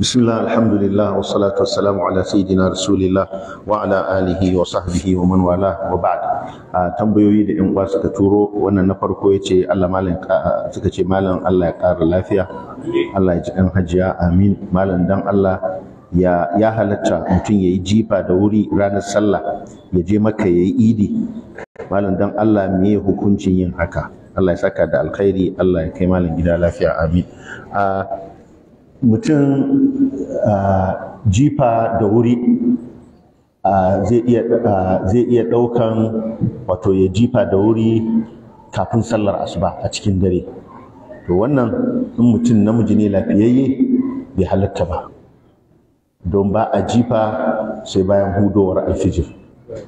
alhamdulillah بسم الله الحمد لله والصلاة والسلام على سيدنا رسول الله وعلى آله وصحبه ومن والاه وبعد tambayoyi da 'yan uwa suka turo wannan na farko ya ce Allah malam suka ce malam Allah ya ƙara lafiya Allah ya ji ɗan hajiya amin malam dan Allah ya ya halatta mutum ya yi jifa da wuri ranar sallah ya je maka ya yi idi malam dan Allah me hukuncin yin haka Allah ya saka da alkhairi Allah ya kai malam gida lafiya amin mutum a jifa da wuri zai iya ɗaukan wato ya jifa da wuri kafin sallar asuba a cikin dare to wannan in mutum namiji ne lafiyayye bai halatta ba don ba a jifa sai bayan hudowar alfijir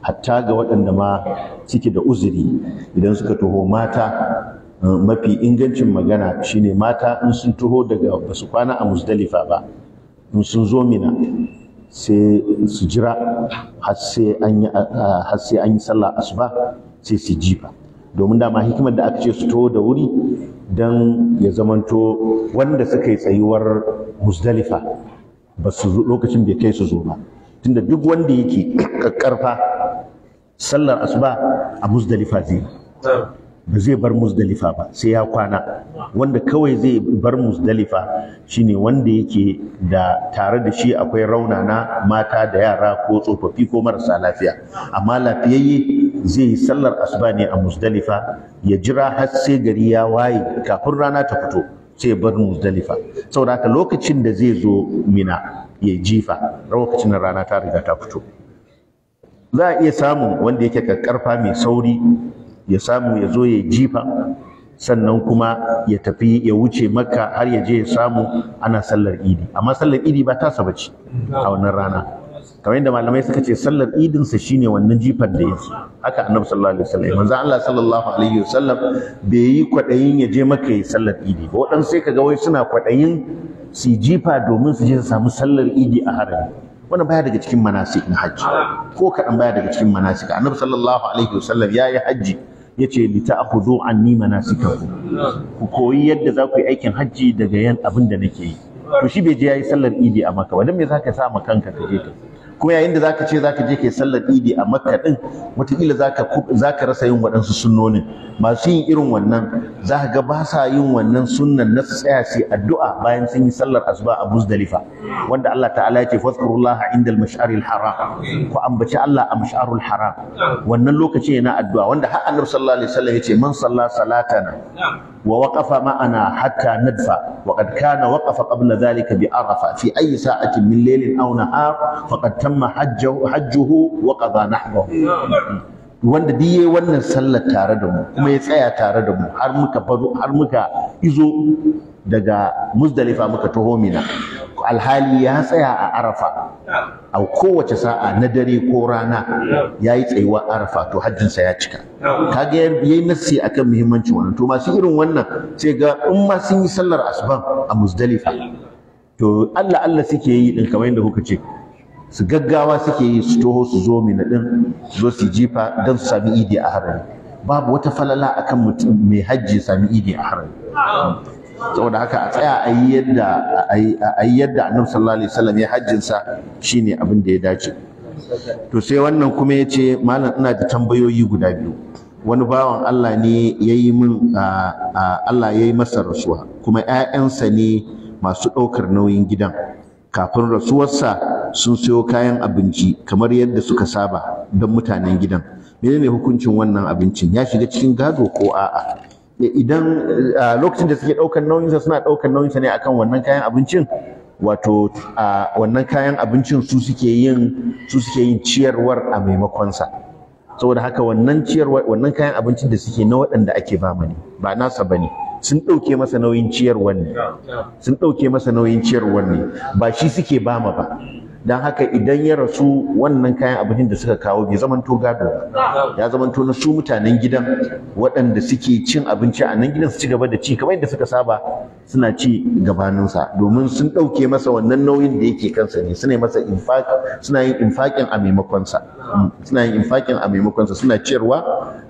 hatta ga waɗanda ma suke da uzuri idan suka taho mata mafi ingancin magana shine mata in sun taho daga basu kwana a musdalifa ba in sun zo mina sai su jira har sai an yi sallah asuba sai su ji jifa domin dama hikimar da aka ce su taho da wuri don ya zamanto wanda suka yi tsayuwar musdalifa ba su lokacin bai kai su zo ba tunda duk wanda yake karfa sallar asuba a musdalifa zai ba zai bar musdalifa ba sai ya kwana wanda kawai zai bar musdalifa shine wanda yake da tare da shi akwai rauna na mata da yara ko tsofaffi ko marasa lafiya amma lafiyayye zai yi sallar asuba ne a musdalifa ya jira har sai gari ya waye kafin rana ta fito sai bar musdalifa saboda haka lokacin da zai zo mina ya jifa lokacin da rana ta riga ta fito za a iya samun wanda yake karfa mai sauri ya samu ya zo ya jifa sannan kuma ya tafi ya wuce makka har ya je ya samu ana sallar idi amma sallar idi ba tasa bace a wannan rana kamar yadda malamai suka ce sallar idin sa shine wannan jifar da yake haka annabi sallallahu alaihi wasallam manzo Allah sallallahu alaihi wasallam bai yi kwadayin ya je maka yi sallar idi ba wadan sai kaga wai suna kwadayin su jifa domin su je su samu sallar idi a harami wannan baya daga cikin manasik na hajji ko kaɗan baya daga cikin manasik annabi sallallahu alaihi wasallam ya yi hajji Ya ce yace li nima anni manasikakum ku koyi yadda za ku yi aikin hajji daga yan abin da nake yi to shi bai je ya yi sallar idi a maka ba dan me zaka sa ma kanka ka je ka kuma yayin da zaka ce zaka je kai sallar idi a makka din wataƙila zaka zaka rasa yin waɗansu sunnonin masu yin irin wannan ka ga ba sa yin wannan sunnan na su tsaya su addu'a bayan sun yi sallar asuba a muzdalifa wanda Allah ta'ala ya ce fadhkurullaha inda mash'aril haram ku ambaci Allah a mash'arul haram wannan lokaci na addu'a wanda har annabi sallallahu alaihi wasallam ya ce man salla salatana wa waqafa ma'ana hatta nadfa wa qad kana waqafa qabla dhalika bi arafa fi ayi sa'atin min laylin aw nahar faqad atamma hajjuhu wa qada nahbahu wanda duk yayi wannan sallar tare da mu kuma ya tsaya tare da mu har muka har muka izo daga Muzdalifa muka taho Mina alhali ya tsaya a Arafa a kowace sa'a na dare ko rana yayi tsayuwa Arafa to hajjin sa ya cika kaga yayi nasi akan muhimmancin wannan to masu irin wannan sai ga in ma sun yi sallar asuban a Muzdalifa to Allah Allah suke yi din kamar yadda kuka ce su gaggawa suke yi su toho su zo mina din zo su jifa don su sami idi a harami babu wata falala akan mutum mai hajji sami idi a harami saboda haka a tsaya a yi yadda a yi yadda annabi ya hajjinsa shine abin da ya dace to sai wannan kuma ya ce malam ina da tambayoyi guda biyu wani bawan Allah ne ya yi min Allah ya yi masa rasuwa kuma 'ya'yansa ne masu ɗaukar nauyin gidan kafin rasuwarsa sun siyo kayan abinci kamar yadda suka saba don mutanen gidan menene hukuncin wannan abincin ya shiga cikin gado ko a'a e, idan lokacin da suke ɗaukar nauyinsa suna ɗaukar nauyinsa ne akan wannan kayan abincin wato a wannan kayan abincin su suke yin su suke yin ciyarwar a maimakonsa? saboda haka wannan ciyarwar wannan kayan abincin da suke na waɗanda ake ba mani ba nasa bane sun ɗauke masa nauyin ciyarwan ne sun ɗauke masa nauyin ciyarwan ne ba shi suke ba ma ba dan haka idan ya rasu wannan kayan abincin da suka kawo bai zamanto gado ya zamanto na su mutanen gidan waɗanda suke cin abinci a nan gidan su ci gaba da ci kamar yadda suka saba suna ci gabaninsa domin sun ɗauke masa wannan nauyin da yake kansa ne suna masa suna yin infaqin a maimakonsa suna yin infaqin a sa suna ciyarwa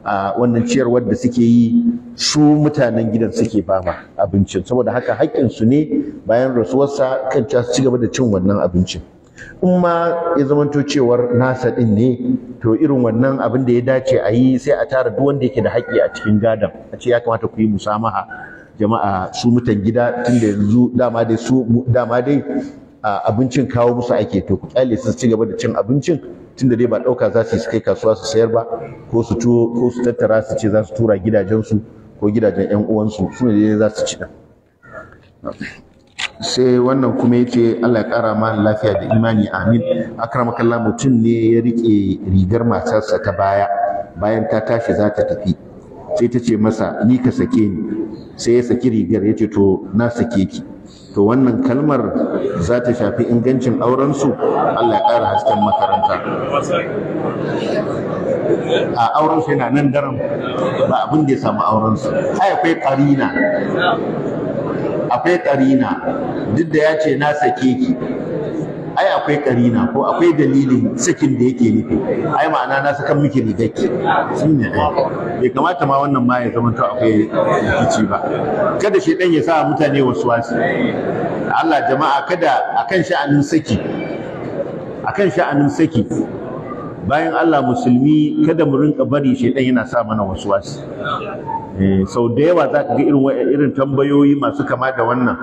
a wannan ciyarwar da suke yi su mutanen gidan suke bama abincin saboda haka su ne bayan rasuwarsa kan ci gaba da cin wannan abincin in ma ya zamanto cewar nasa din ne to irin wannan abin da ya dace a yi sai a tara duk wanda yake da haƙƙi a cikin gadon a ce ya kamata ku yi musamaha jama'a su mutan gida tun da yanzu dama dai su dama dai abincin kawo musu ake to ku kyale su ci gaba da cin abincin tun da dai ba ɗauka za su kai kasuwa su sayar ba ko su tuwo ko su tattara su ce za su tura gidajensu ko gidajen 'yan uwansu su ne za su ci ɗan. sai wannan kuma yace Allah ya kara mana lafiya da imani amin akramakallah mutum ne ya rike rigar matarsa ta baya bayan ta tashi za ta tafi sai ta ce masa ni ka sake ni sai ya saki rigar yace to na sake ki to wannan kalmar za ta shafi ingancin aurensu Allah ya ƙara hasken makaranta a aurensu yana nan daren ba abin da ya samu aurensu ai akwai karina akwai ƙarina duk da ya ce na sake ki ai akwai ƙarina ko akwai dalilin sakin da yake nufi ai ma'ana na sakan miki rigaki shi ne bai kamata ma wannan ma ya zama to akwai rikici ba kada shi dan ya sa mutane wasu wasu Allah jama'a kada akan sha'anin saki akan sha'anin saki bayan Allah musulmi kada mu rinka bari shi dan yana sa mana wasu wasu Eh, sau da yawa za ka ga irin tambayoyi masu kama da wannan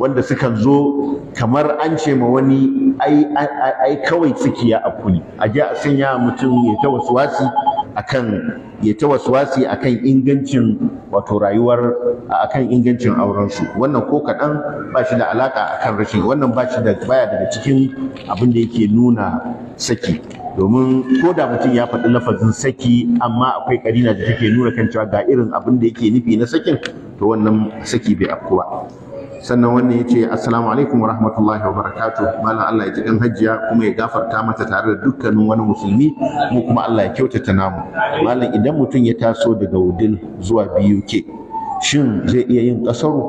wanda suka zo kamar an ce ma wani ai kawai ciki a afku a ji a sanya mutum ya ta wasuwasi akan ya ta wasuwasi akan ingancin wato rayuwar akan ingancin auren su wannan ko kaɗan ba shi da alaka akan rashin wannan ba shi da baya daga cikin abin da yake nuna saki domin ko da mutum ya faɗi lafazin saki amma akwai ƙarina da take nuna kan cewa ga irin abin da yake nufi na sakin to wannan saki bai afku ba sannan wannan yace assalamu alaikum wa rahmatullahi wa barakatuh malam Allah ya ji dan hajjiya kuma ya gafarta mata tare da dukkanin wani musulmi mu kuma Allah ya kyautata namu malam idan mutum ya taso daga wudil zuwa BUK shin zai iya yin kasaru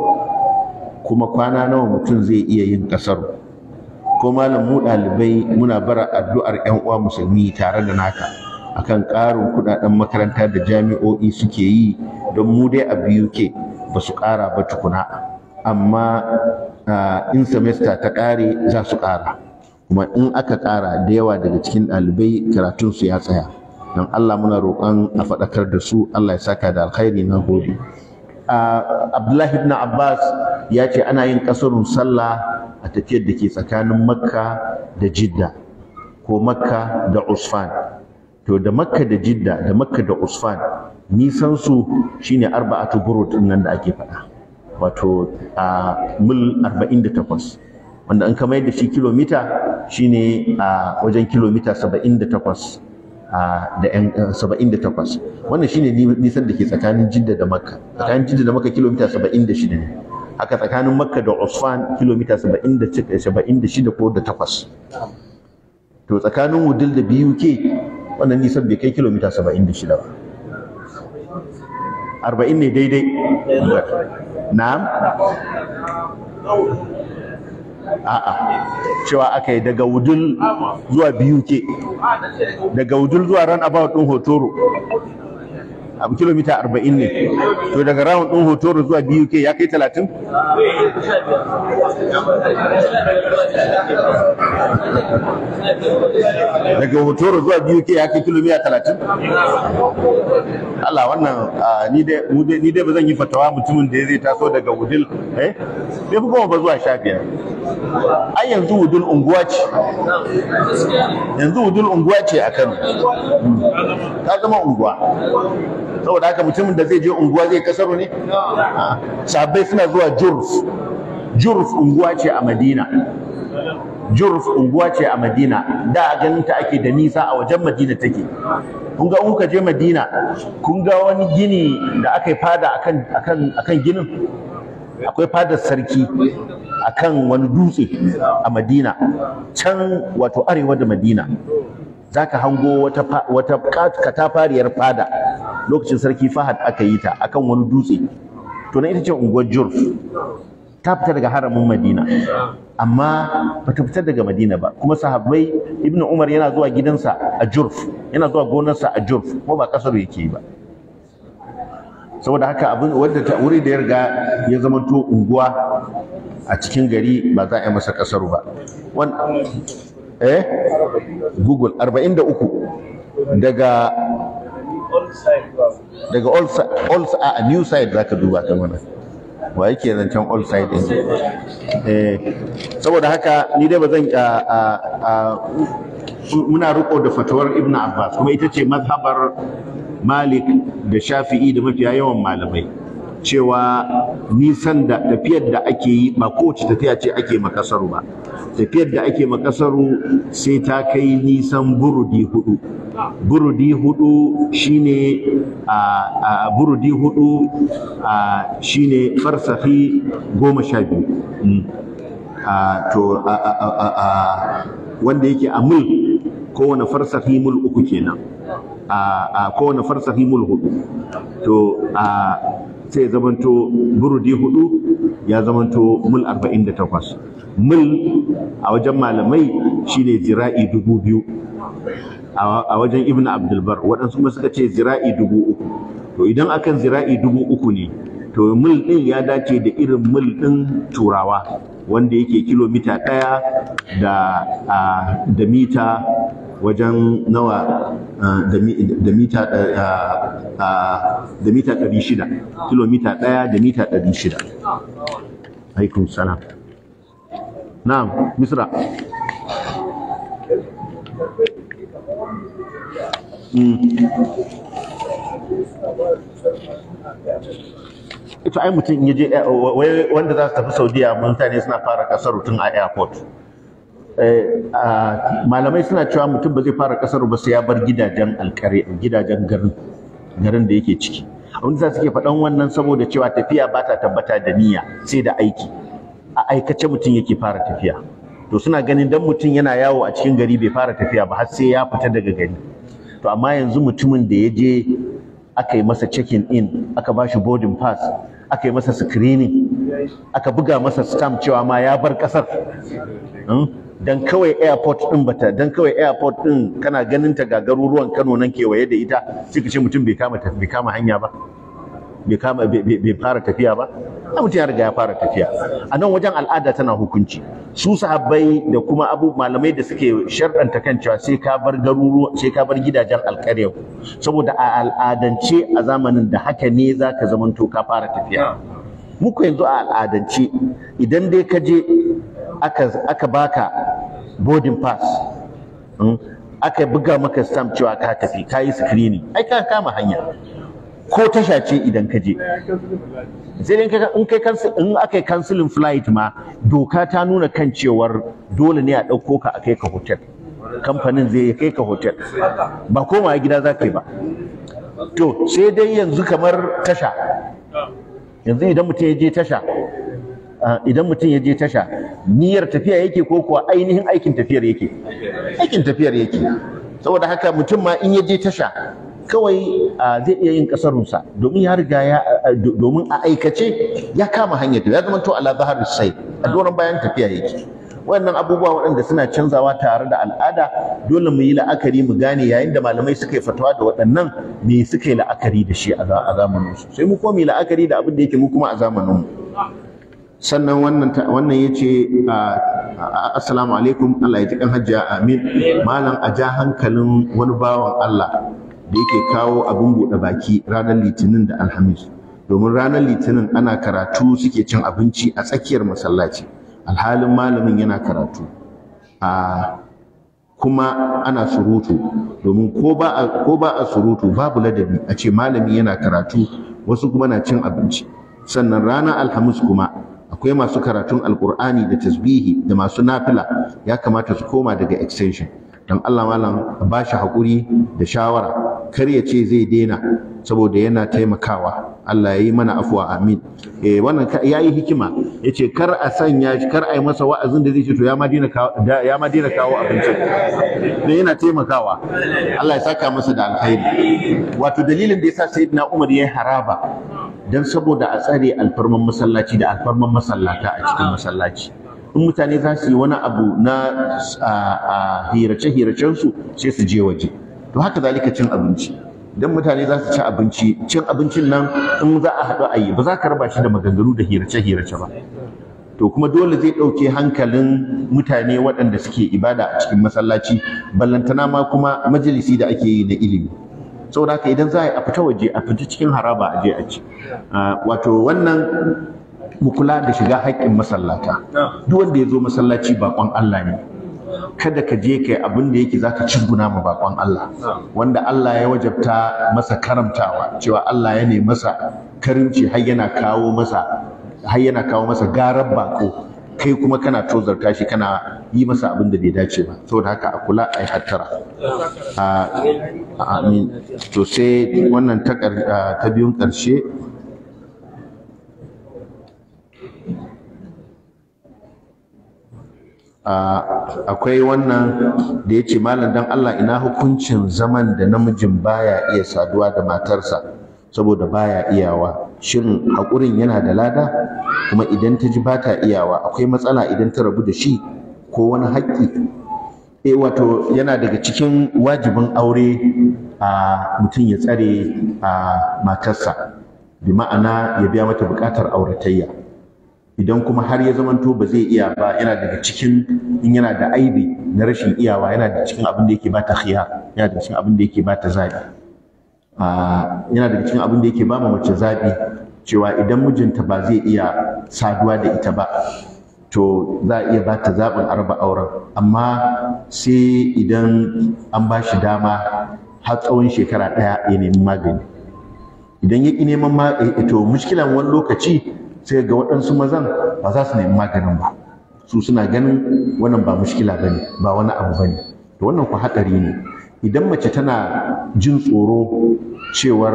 kuma kwana nawa mutum zai iya yin kasaru ko malam mu ɗalibai muna bara addu'ar ƴan uwa musulmi tare da naka akan ƙarin kuɗaɗen makaranta da jami'o'i suke yi don mu dai a BUK ba su ƙara ba tukuna amma in semester ta ƙare za su ƙara kuma in aka ƙara da yawa daga cikin ɗalibai karatun su ya tsaya don Allah muna roƙon a faɗakar da su Allah ya saka da alkhairi na gode Abdullahi ibn Abbas ya ce ana yin ƙasarun sallah a tafiyar da ke tsakanin makka da jidda ko makka da usfan to da makka da jidda da makka da usfan nisan su shine arba'atu burud nan da ake faɗa wato a mil 48 wanda an kama yadda shi kilomita shine a wajen kilomita 78 da eh, saba'in da takwas wannan shine nisan da ke tsakanin jidda da makka tsakanin jidda da makka kilomita saba'in da ne Aka tsakanin makka da usfan kilomita 76 ko da 8 to tsakanin wudil da buk wannan nisan bai kai kilomita 76 ba 40 ne daidai na'am a'a cewa aka yi daga Wudil zuwa buk daga Wudil zuwa ran about din hotoro abu kilomita arba'in ne to daga round ɗin hoto zuwa buk ya kai talatin daga hoto zuwa buk ya kai kilomita talatin Allah wannan ni dai ba zan yi fatawa mutumin da ya zai taso daga wudil eh bai fi goma ba zuwa shafiya? biyar ai yanzu wudul unguwa ce yanzu wudul unguwa ce a kano hmm. ta zama unguwa saboda haka mutumin da zai je unguwa zai kasaro ne sahabbai suna zuwa jurf jurf unguwa ce a madina jurf unguwa ce a madina da a ganin ta ake da nisa a wajen madina take kun ga kuka je madina kun ga wani gini da aka yi fada akan kan ginin akwai fadar sarki akan wani dutse a madina can wato arewa da madina ka hango wata katafariyar fada lokacin sarki Fahad aka yi ta akan wani dutse to na ita ce unguwar Jurf ta fita daga haramin Madina amma ba ta fitar daga Madina ba kuma sahabbai ibnu Umar yana zuwa gidansa a Jurf yana zuwa gonarsa a Jurf ko ba kasar yake ba saboda haka abin wanda ta wuri da ya riga ya zama to unguwa a cikin gari ba za a yi masa kasar ba Wani eh google 43 daga daga all a new side za ka duba ta mana wa yake zancen all side din eh, saboda haka ni dai ba bazan muna riko da fatawar ibn abbas kuma ita ce mazhabar malik da shafi'i da mafiya yawan malamai cewa nisan da tafiyar da ake yi ba kowace tafiya ce ake makasaru ba tafiyar da ake makasaru sai ta kai nisan burudi hudu burudi hudu shine a burudi hudu shine farsafi goma sha biyu hmm. to wanda yake a mul kowane farsafi mul uku kenan a kowane farsafi mul hudu to sai zamanto burudi hudu ya zamanto mil 48 mil a wajen malamai shine zira'i dubu biyu a wajen ibn abdulbar waɗansu ma suka ce zira'i dubu uku to idan akan zira'i dubu uku ne to mil ɗin ya dace da irin mil ɗin turawa wanda yake kilomita ɗaya da mita wajen nawa ah, da mita ah, ah, da mita ɗari shida kilomita ɗaya da mita ɗari shida alaikum sana na'am misra hmm. ita ai mutum in je eh, wanda za su tafi saudiya mutane suna fara kasar rutun a airport Eh, malamai suna cewa mutum ba zai fara kasar ba sai ya bar gidajen alkare gidajen garin garin da yake ciki abin da suke faɗan wannan saboda cewa tafiya ba ta tabbata da niyya sai da aiki a aikace mutum yake fara tafiya to suna ganin dan mutum yana yawo a cikin gari bai fara tafiya ba har sai ya fita daga gari to amma yanzu mutumin da ya je aka yi masa checking in aka ba shi boarding pass aka yi masa screening aka buga masa stamp cewa ma ya bar kasar hmm? dan kawai airport din bata dan kawai airport din kana ganin ta ga garuruwan Kano nan ke waye da ita sai ka ce mutum bai kama bai kama hanya ba bai kama bai fara tafiya ba a mutum ya riga ya fara tafiya a nan wajen al'ada tana hukunci su sahabbai da kuma abu malamai da suke sharɗanta kan cewa sai ka bar garuru sai ka bar gidajen alƙaryar saboda a al'adance a zamanin da haka ne zaka zamanto ka fara tafiya muku yanzu a al'adance idan dai ka je aka aka baka boarding pass hmm? aka buga maka stamp cewa ka tafi ka yi screening ai ka kama hanya ko tasha ce idan ka je sai in kai in aka counseling flight ma doka ta nuna kan cewar dole ne a ɗauko ka a kai ka hotel kamfanin zai kai ka hotel ba koma gida za ba to sai dai yanzu kamar tasha yanzu idan mutum ya je tasha Ah, idan mutum ya je tasha niyyar tafiya yake ko kuwa ainihin aikin tafiyar yake aikin tafiyar yake saboda haka mutum ma in ya je tasha kawai ah, zai iya yin kasarunsa domin ya riga ya ah, domin a aikace ya kama hanyar ya zama to ala zahar sai a doron bayan tafiya yake wannan abubuwa waɗanda suna canzawa tare da al'ada dole mu yi la'akari mu gane yayin da malamai suka yi fatawa da waɗannan me suka yi la'akari da shi a zamaninsu sai mu komi la'akari da abin da yake mu kuma a zamaninmu sannan wannan ya yace assalamu alaikum Allah ya ji kan hajja amin malam a ja hankalin wani bawan Allah da yake kawo abin buɗe baki ranar litinin da alhamis domin ranar litinin ana karatu suke cin abinci a tsakiyar masallaci alhalin malamin yana karatu a kuma ana surutu domin ko ba a surutu babu ladabi a ce malami yana karatu wasu kuma na cin abinci sannan ranar alhamis kuma akwai masu karatun alkur'ani da tasbihi da masu nafila ya kamata su koma daga extension dan Allah malam ba shi hakuri da shawara kar ya ce zai daina saboda yana taimakawa Allah ya yi mana afuwa amin eh wannan ya yi hikima ya ce kar a sanya shi kar a yi masa wa'azin da zai ce to ya ma daina kawo ya ma kawo abinci ne yana taimakawa Allah ya saka masa da alkhairi wato dalilin da yasa sayyidina Umar ya haraba don saboda a tsare alfarman masallaci da alfarman masallata a cikin masallaci in mutane za su yi wani abu na hirace su sai su je waje to haka zalika cin abinci Don mutane za su ci abinci cin abincin nan in za a haɗu a yi ba za ka raba shi da maganganu da hirace-hirace ba to kuma dole zai ɗauke hankalin mutane waɗanda suke ibada a cikin masallaci ballantana ma kuma majalisi da ake yi na ilimi saboda haka idan za a yi a fita waje a fita cikin haraba a je a ci ah, wato wannan mu kula da shiga haƙƙin masallata duk wanda ya zo masallaci baƙon Allah ne kada ka je kai abin da yake zaka cinguna ma baƙon Allah wanda Allah ya wajabta masa karamtawa cewa Allah ya ne masa karimci har yana kawo masa har yana kawo masa garar baƙo kai kuma kana tozarta shi kana yi masa abin da bai dace ba saboda haka a kula a yi hattara amin to sai wannan ta biyun ƙarshe akwai wannan da ya ce malam dan Allah ina hukuncin zaman da namijin baya iya saduwa da matarsa saboda baya iyawa shin haƙurin yana da lada kuma idan ta ji ba ta iyawa akwai matsala idan ta rabu da shi ko wani haƙƙi eh wato yana daga cikin wajibin aure a mutum ya tsare a matarsa bi ma'ana ya biya mata buƙatar auratayya idan kuma har ya zamanto ba zai iya ba yana daga cikin in yana da aibi na rashin iyawa yana da cikin abin da yake bata khiya yana da cikin abin da yake bata zabi Ah, yana daga cikin abin da yake ba mace zaɓi cewa idan mijinta ba zai iya saduwa da ita ba to za a iya ba ta zaɓin arba auren amma sai idan an ba shi dama har tsawon shekara ɗaya ya nemi magani idan ya ƙi neman magani eh, to mushkilan wani lokaci sai ga waɗansu mazan ba za su nemi maganin ba su suna ganin wannan ba mushkila ba ne ba wani abu ba ne to wannan ku haɗari ne idan mace tana jin tsoro cewar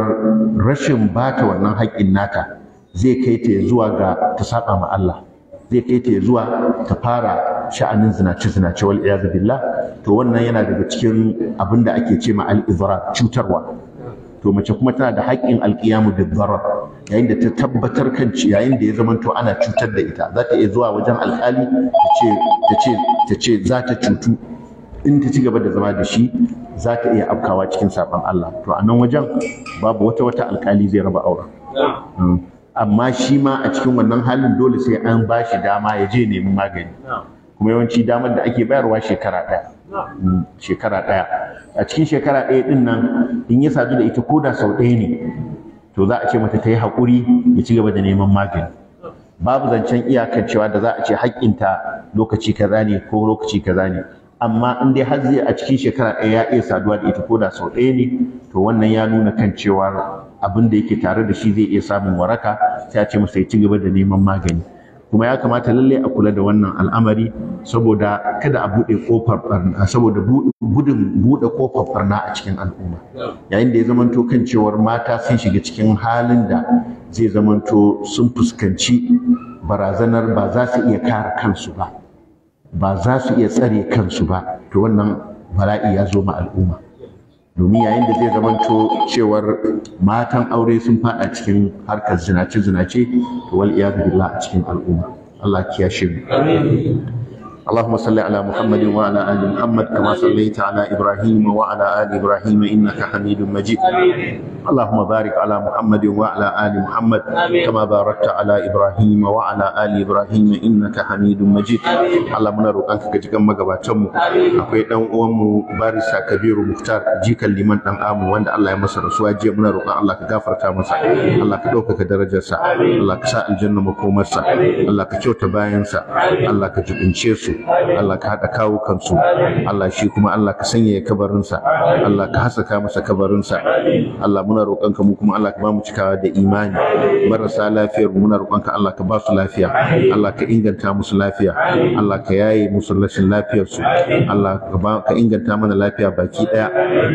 rashin bata wannan haƙƙin nata zai kai ta zuwa ga ta saba ma Allah zai kai ta zuwa ta fara sha'anin zinace zinace wal iyaz billah to wannan yana daga cikin abin da ake ce ma al-izrar cutarwa to mace kuma tana da haƙƙin alƙiyamu da zarar yayin da ta tabbatar kan ci, yayin da ya zama to ana cutar da ita za ta iya zuwa wajen alƙali ta ce ta ce za ta cutu in ta ci gaba da zama da shi za ta iya afkawa cikin saɓon Allah to a nan wajen babu wata wata alkali zai raba aure amma shi ma a cikin wannan halin dole sai an ba shi dama ya je nemi magani kuma yawanci damar da ake bayarwa shekara ɗaya mm, shekara ɗaya a cikin shekara ɗaya ɗin nan in ya sadu da ita ko da sau ɗaya ne to za a ce mata ta yi haƙuri ya ci gaba da neman magani babu zancen iyakar cewa da za a ce haƙƙinta lokaci kaza ne ko lokaci kaza ne amma in dai har zai a cikin shekara ɗaya ya iya saduwa da ita ko da sau ɗaya ne to wannan ya nuna kan cewa abin da yake tare da shi zai iya samun waraka sai a ce masa ya ci gaba da neman magani kuma ya kamata lallai a kula da wannan al'amari saboda kada a buɗe kofar barna saboda gudun buɗe kofar barna a cikin al'umma yayin da ya zamanto kan cewa mata sun shiga cikin halin da zai zamanto sun fuskanci barazanar ba za su iya kare kansu ba ba za su iya tsare kansu ba to wannan bala'i ya zo ma al'umma domin yayin da zai zamanto cewar matan aure sun fada cikin harkar zinace-zinace to wal iyadu billah a cikin al'umma Allah kiyashe mu اللهم صل على محمد وعلى ال محمد كما صليت على ابراهيم وعلى ال ابراهيم انك حميد مجيد اللهم بارك على محمد وعلى ال محمد كما باركت على ابراهيم وعلى ال ابراهيم انك حميد مجيد اللهم نروقك كجكم magabatan mu akwai dan uwan mu barisa kabiru muhtar jikan liman dan amu wanda Allah ya masa rasuwa jiya muna roƙon Allah ka gafarta masa Allah ka ɗaukaka darajarsa Allah ka sa aljanna makomarsa Allah ka kyauta bayansa Allah ka jibince su Allah ka haɗa kawo kansu Allah shi kuma Allah ka sanya kabarinsa Allah ka hasaka masa kabarinsa Allah muna roƙonka mu kuma Allah ka ba mu cikawa da imani marasa lafiyar mu muna roƙonka Allah ka ba su lafiya Allah ka inganta musu lafiya Allah ka yaye musu rashin lafiyarsu Allah ka inganta mana lafiya baki ɗaya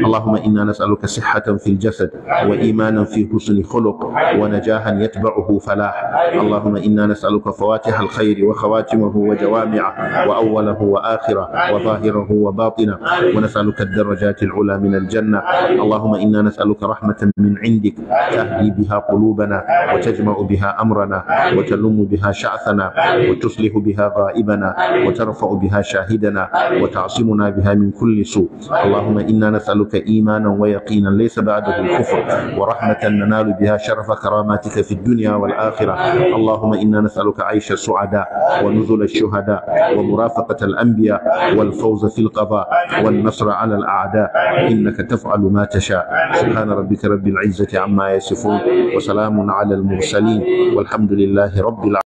Allahumma inna nas'aluka sihhatan fil jasad wa imanan fi husni khuluq wa najahan yatba'uhu falah Allahumma inna nas'aluka fawatiha al-khair wa khawatimahu wa jawami'ah وأوله وآخره وظاهره وباطنه ونسألك الدرجات العلى من الجنة اللهم إنا نسألك رحمة من عندك تهدي بها قلوبنا وتجمع بها أمرنا وتلم بها شعثنا وتصلح بها غائبنا وترفع بها شاهدنا وتعصمنا بها من كل سوء اللهم إنا نسألك إيمانا ويقينا ليس بعده الكفر ورحمة ننال بها شرف كراماتك في الدنيا والآخرة اللهم إنا نسألك عيش السعداء ونزل الشهداء مرافقة الأنبياء والفوز في القضاء والنصر على الأعداء إنك تفعل ما تشاء سبحان ربك رب العزة عما يصفون وسلام على المرسلين والحمد لله رب العالمين